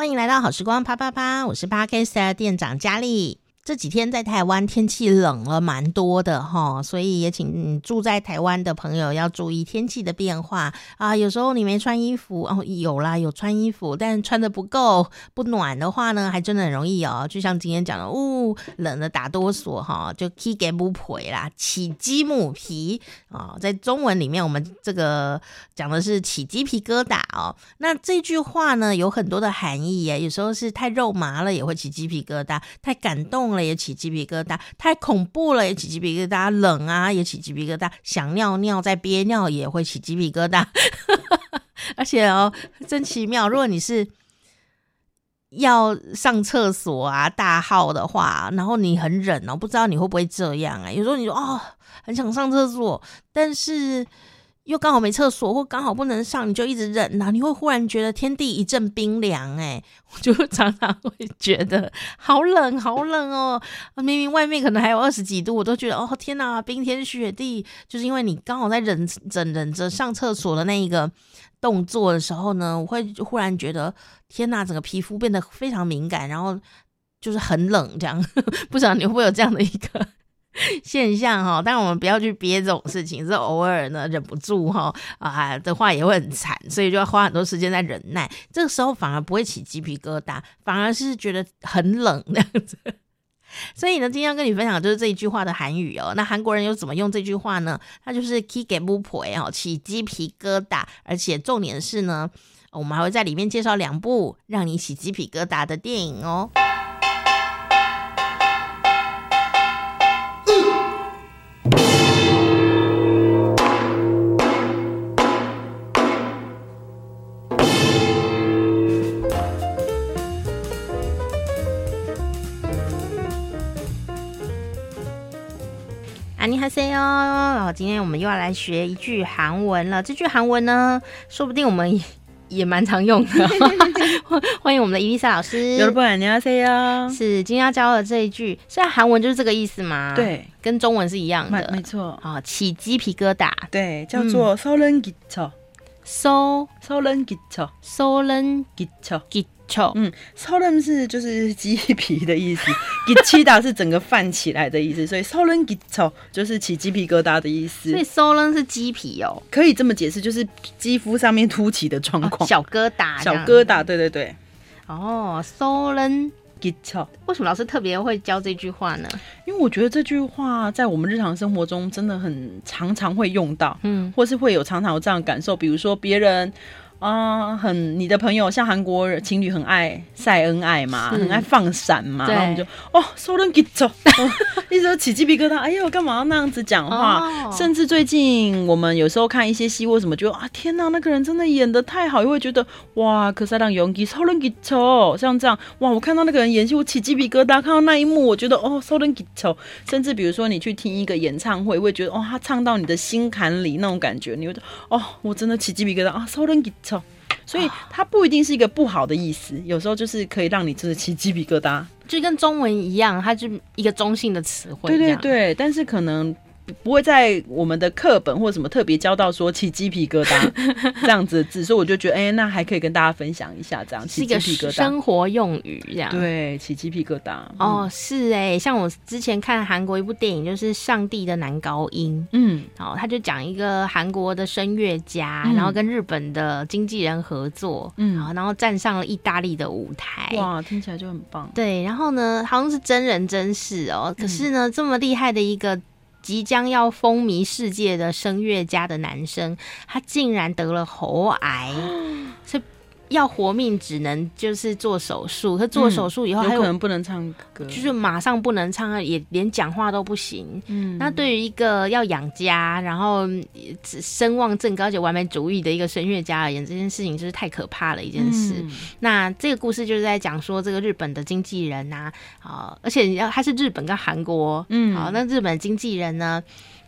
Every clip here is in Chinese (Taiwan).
歡迎來到好時光，啪啪啪！我是 Parkcase 店長佳麗。這幾天在台灣天氣冷了蠻多的哈、哦，所以也請你住在台灣的朋友要注意天氣的變化啊。有時候你沒穿衣服哦，有啦，有穿衣服，但穿的不夠不暖的話呢，還真的很容易哦。就像今天講的，嗚、哦、冷的打哆嗦哈，就起雞母皮啦，起雞母皮啊、哦。在中文裡面，我們這個講的是起雞皮疙瘩哦。那這句話呢，有很多的含義、啊、有時候是太肉麻了，也會起雞皮疙瘩；太感動了。了也起雞皮疙瘩，太恐怖了！也起雞皮疙瘩，冷啊也起雞皮疙瘩，想尿尿再憋尿，也會起雞皮疙瘩， 而且哦，真奇妙！如果你是要上廁所啊大號的話，然後你很忍，哦，不知道你會不會這樣啊、欸？有時候你說啊、哦，很想上廁所，但是。又剛好沒廁所，或剛好不能上，你就一直忍吶。然後你會忽然覺得天地一陣冰涼，欸，誒， 我就常常會覺得好冷，好冷哦。明明外面可能還有二十幾度，我都覺得哦，天吶，冰天雪地。就是因為你剛好在忍忍忍，忍着上廁所的那一個動作的時候呢，我會忽然覺得天吶，整個皮膚變得非常敏感，然後就是很冷這樣。 不知道你會不會有這樣的一個？現象哈、哦，但我們不要去憋這種事情，是偶爾呢忍不住哈、哦、啊的話也會很慘，所以就要花很多時間在忍耐。這個時候反而不會起雞皮疙瘩，反而是覺得很冷那樣子。所以呢，今天要跟你分享的就是這一句話的韓語哦。那韓國人又怎麼用這句話呢？他就是起雞皮疙瘩。而且重點是呢，我們還會在裡面介紹兩部讓你起雞皮疙瘩的電影哦。今天我們又要來學一句韓文了。這句韓文呢，說不定我們也蠻常用的。歡迎我們的伊麗莎老師。여러분,안녕하세요。是今天要教的這一句。現在韓文就是這個意思嘛，對，跟中文是一樣的。沒錯。啊，起雞皮疙瘩。對，叫做소름끼쳐。소소름끼쳐소름끼쳐끼嗯，solen、嗯、是就是雞皮的意思 getcha 是整個泛起來的意思，所以 solen getcha 就是起雞皮疙瘩的意思。所以 solen 是雞皮哦，可以這麼解釋，就是肌膚上面凸起的狀況、哦，小疙瘩，小疙瘩，對對對，哦，solen getcha，為什麼老師特別會教這句話呢？因為我覺得這句話在我們日常生活中真的很常常會用到，嗯，或是會有常常有這樣的感受，比如說別人。啊，很你的朋友，像韓國人情侶很愛曬恩愛嘛，是很愛放閃嘛，對然後我們就哦，騷人吉丑，一直都起雞皮疙瘩。哎呦，幹嘛要那樣子講話？Oh. 甚至最近我們有時候看一些戲為什麼，覺得啊，天哪，啊，那個人真的演得太好，又會覺得哇，哥薩浪尤基騷人吉丑，像這樣哇，我看到那個人演戲，我起雞皮疙瘩。看到那一幕，我覺得哦，騷人吉丑。甚至比如說你去聽一個演唱會，會覺得哦，他唱到你的心坎裡那種感覺，你會覺得哦，我真的起雞皮疙瘩啊，騷人吉丑。所以它不一定是一個不好的意思，oh. 有時候就是可以讓你真的起雞皮疙瘩，就跟中文一樣，它就一個中性的詞彙。對對對，但是可能。不會在我們的課本或什麼特別教到說起雞皮疙瘩這樣子的字， 所以我就覺得哎、欸，那還可以跟大家分享一下這樣。起雞皮疙瘩生活用語這樣。對，起雞皮疙瘩。哦，是哎、欸，像我之前看韓國一部電影，就是《上帝的男高音》。嗯，哦，他就講一個韓國的聲樂家，嗯、然後跟日本的經紀人合作。嗯，然後站上了意大利的舞台。哇，聽起來就很棒。對，然後呢，好像是真人真事哦。可是呢，嗯、這麼厲害的一個。即將要風靡世界的聲樂家的男生，他竟然得了喉癌。 要活命只能就是做手術，他做手術以後他、嗯、可能不能唱歌，就是馬上不能唱，也連講話都不行。嗯，那對於一個要養家，然後聲望正高而且完美主義的一個聲樂家而言，這件事情就是太可怕了一件事。嗯、那這個故事就是在講說，這個日本的經紀人吶、啊，啊、呃，而且你要他是日本跟韓國，嗯，好，那日本經紀人呢？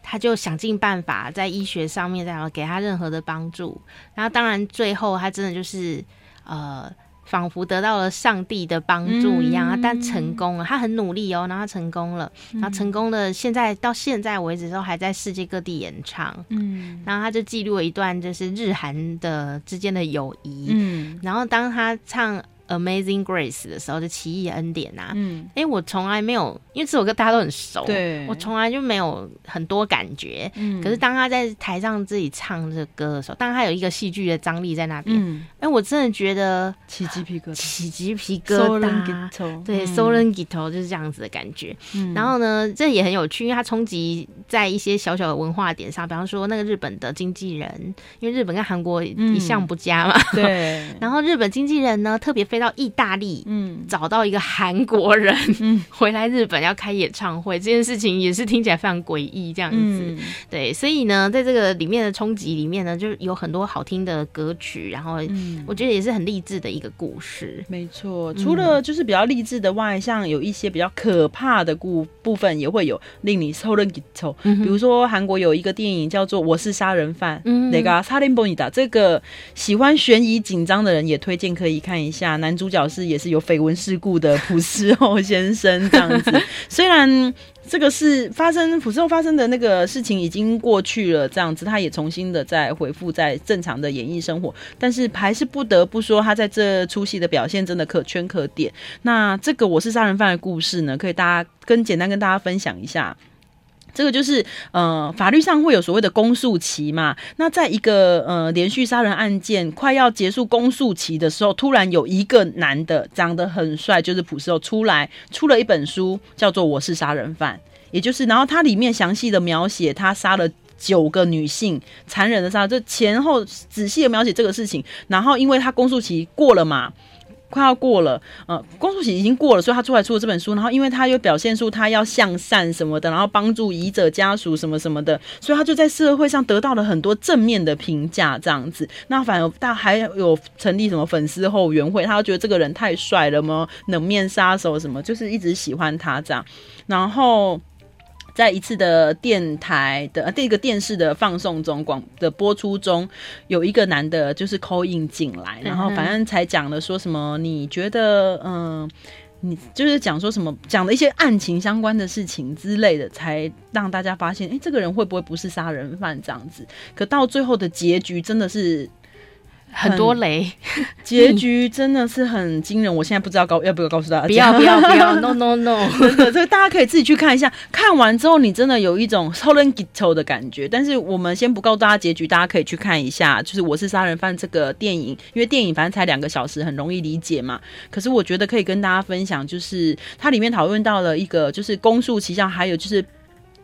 他就想盡辦法在醫學上面，然後給他任何的幫助。然後當然最後他真的就是，呃，仿佛得到了上帝的幫助一樣啊！但成功，了，他很努力哦然他，然後成功了，然後成功了。現在到現在為止都還在世界各地演唱。嗯，然後他就記錄了一段就是日韓的之間的友誼。嗯，然後當他唱 Amazing Grace 的時候，就奇異恩典吶。嗯，哎，我從來沒有，因為這首歌大家都很熟，對，我從來就沒有很多感覺。可是當他在台上自己唱這歌的時候，當然他有一個戲劇的張力在那邊。哎，我真的覺得起雞皮疙起雞皮疙瘩。對，소름끼쳐就是這樣子的感覺。嗯，然後呢，這也很有趣，因為他衝擊在一些小小的文化點上，比方說那個日本的經紀人，因為日本跟韓國一向不佳嘛。對，然後日本經紀人呢，特別非。到意大利，嗯，找到一個韓國人，嗯，回來日本，要開演唱會，這件事情也是聽起來非常詭異這樣子，嗯、對，所以呢，在這個裡面的衝擊裡面呢，就有很多好聽的歌曲，然後我覺得也是很勵志的一個故事，沒錯、嗯。嗯、除了就是比較勵志的外，像有一些比較可怕的部部分也會有令你抽冷一抽，嗯、哼比如說韓國有一個電影叫做《我是殺人犯》，嗯哼，那個啊，《薩林波尼達》這個喜歡懸疑緊張的人也推薦可以看一下。那男主角是也是有緋聞事故的朴施厚先生這樣子，雖然這個是發生朴施厚發生的那個事情已經過去了。這樣子他也重新的在回復在正常的演藝生活，但是還是不得不說他在這出戲的表現真的可圈可點。那這個我是殺人犯的故事呢，可以大家跟簡單跟大家分享一下。這個就是呃，法律上會有所謂的公訴期嘛。那在一個呃連續殺人案件快要結束公訴期的時候，突然有一個男的長得很帥，就是普斯出來出了一本書，叫做《我是殺人犯》，也就是，然後他裡面詳細的描寫他殺了九個女性，殘忍的殺，這前後仔細的描寫這個事情。然後，因為他公訴期過了嘛。快要過了，呃，公訴期已經過了，所以他出來出了這本書，然後因為他又表現出他要向善什麼的，然後幫助遺者家屬什麼什麼的，所以他就在社會上得到了很多正面的評價，這樣子。那反而他還有成立什麼粉絲後援會，他覺得這個人太帥了，什麼冷面殺手什麼，就是一直喜歡他這樣，然後。在一次的電台的、呃、第一個電視的放送中，廣的播出中，有一個男的就是 call in 進來，然後反正才講了說什麼，你覺得嗯，你就是講說什麼，講了一些案情相關的事情之類的，才讓大家發現，誒、欸、這個人會不會不是殺人犯這樣子？可到最後的結局真的是。很多雷很，結局真的是很驚人。嗯、我現在不知道告要不要告訴大家不，不要不要不要 ，no no no，這、no、個 大家可以自己去看一下。看完之後，你真的有一種소름끼쳐的感覺。但是我們先不告訴大家結局，大家可以去看一下。就是《我是殺人犯》這個電影，因為電影反正才兩個小時，很容易理解嘛。可是我覺得可以跟大家分享，就是它裡面討論到了一個，就是公訴時效，還有就是。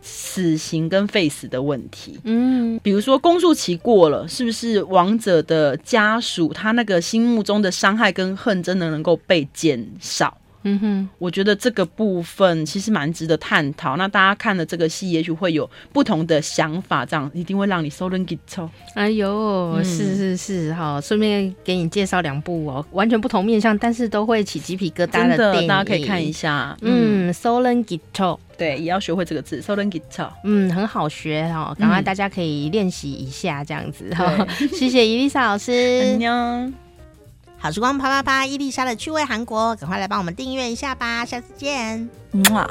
死刑跟廢死的問題，嗯，比如說公訴期過了，是不是亡者的家屬他那個心目中的傷害跟恨真的能夠被減少？嗯哼，我覺得這個部分其實蠻值得探討。那大家看了這個戲，也許會有不同的想法，這樣一定會讓你 solengito。哎呦，嗯、是是是，哈，順便給你介紹兩部哦，完全不同面向，但是都會起雞皮疙瘩的電影的，大家可以看一下。嗯，solengito。對，也要學會這個字，sudden g i t 嗯，很好學哈，趕、喔、快，大家可以練習一下這樣子哈。嗯、謝謝伊麗莎老師， 安妞，好時光啪啪啪，伊麗莎的趣味韓國，趕快來幫我們訂閱一下吧，下次見，嗯麼。